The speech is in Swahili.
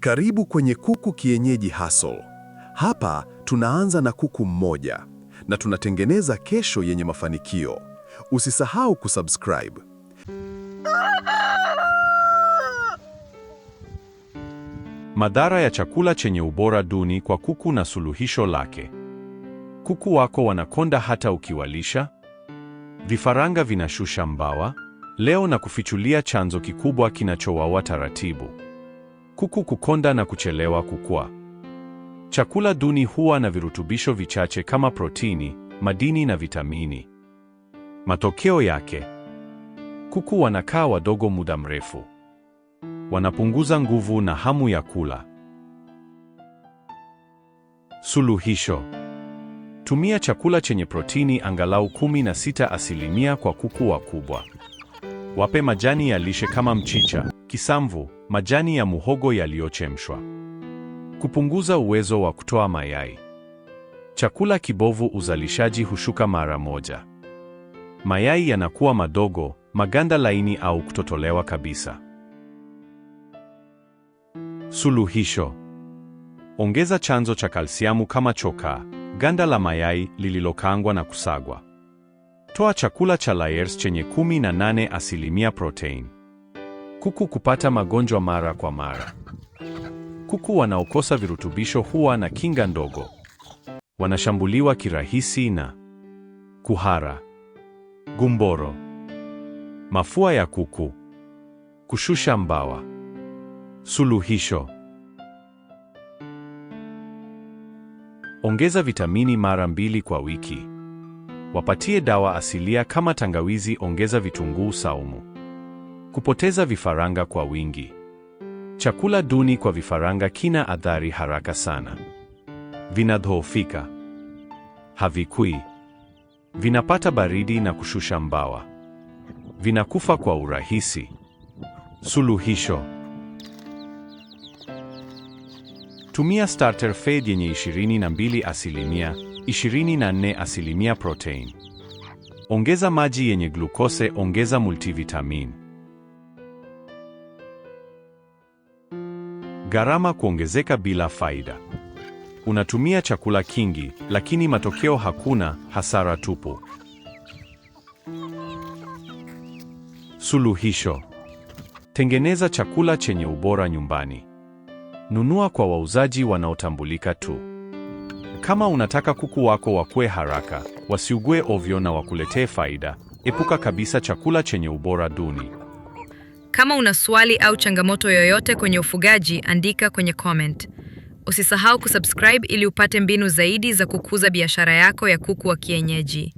Karibu kwenye Kuku Kienyeji Hustle. Hapa tunaanza na kuku mmoja na tunatengeneza kesho yenye mafanikio. Usisahau kusubscribe. Madhara ya chakula chenye ubora duni kwa kuku na suluhisho lake. Kuku wako wanakonda hata ukiwalisha. Vifaranga vinashusha mbawa. Leo na kufichulia chanzo kikubwa kinachowaua taratibu kuku kukonda na kuchelewa kukua. Chakula duni huwa na virutubisho vichache kama protini, madini na vitamini. Matokeo yake, kuku wanakaa wadogo muda mrefu. Wanapunguza nguvu na hamu ya kula. Suluhisho. Tumia chakula chenye protini angalau 16 asilimia kwa kuku wakubwa. Wape majani ya lishe kama mchicha, kisamvu majani ya muhogo yaliyochemshwa. Kupunguza uwezo wa kutoa mayai. Chakula kibovu, uzalishaji hushuka mara moja. Mayai yanakuwa madogo, maganda laini au kutotolewa kabisa. Suluhisho: ongeza chanzo cha kalsiamu kama chokaa, ganda la mayai lililokangwa na kusagwa. Toa chakula cha layers chenye 18 asilimia protein. Kuku kupata magonjwa mara kwa mara. Kuku wanaokosa virutubisho huwa na kinga ndogo, wanashambuliwa kirahisi na kuhara, gumboro, mafua ya kuku, kushusha mbawa. Suluhisho: ongeza vitamini mara mbili kwa wiki, wapatie dawa asilia kama tangawizi, ongeza vitunguu saumu. Kupoteza vifaranga kwa wingi. Chakula duni kwa vifaranga kina athari haraka sana. Vinadhoofika, havikui, vinapata baridi na kushusha mbawa, vinakufa kwa urahisi. Suluhisho: tumia starter feed yenye 22 asilimia 24 asilimia protein, ongeza maji yenye glukose, ongeza multivitamin. Gharama kuongezeka bila faida. Unatumia chakula kingi, lakini matokeo hakuna, hasara tupu. Suluhisho: tengeneza chakula chenye ubora nyumbani. Nunua kwa wauzaji wanaotambulika tu. Kama unataka kuku wako wakue haraka, wasiugue ovyo na wakuletee faida, epuka kabisa chakula chenye ubora duni. Kama una swali au changamoto yoyote kwenye ufugaji, andika kwenye comment. Usisahau kusubscribe ili upate mbinu zaidi za kukuza biashara yako ya kuku wa kienyeji.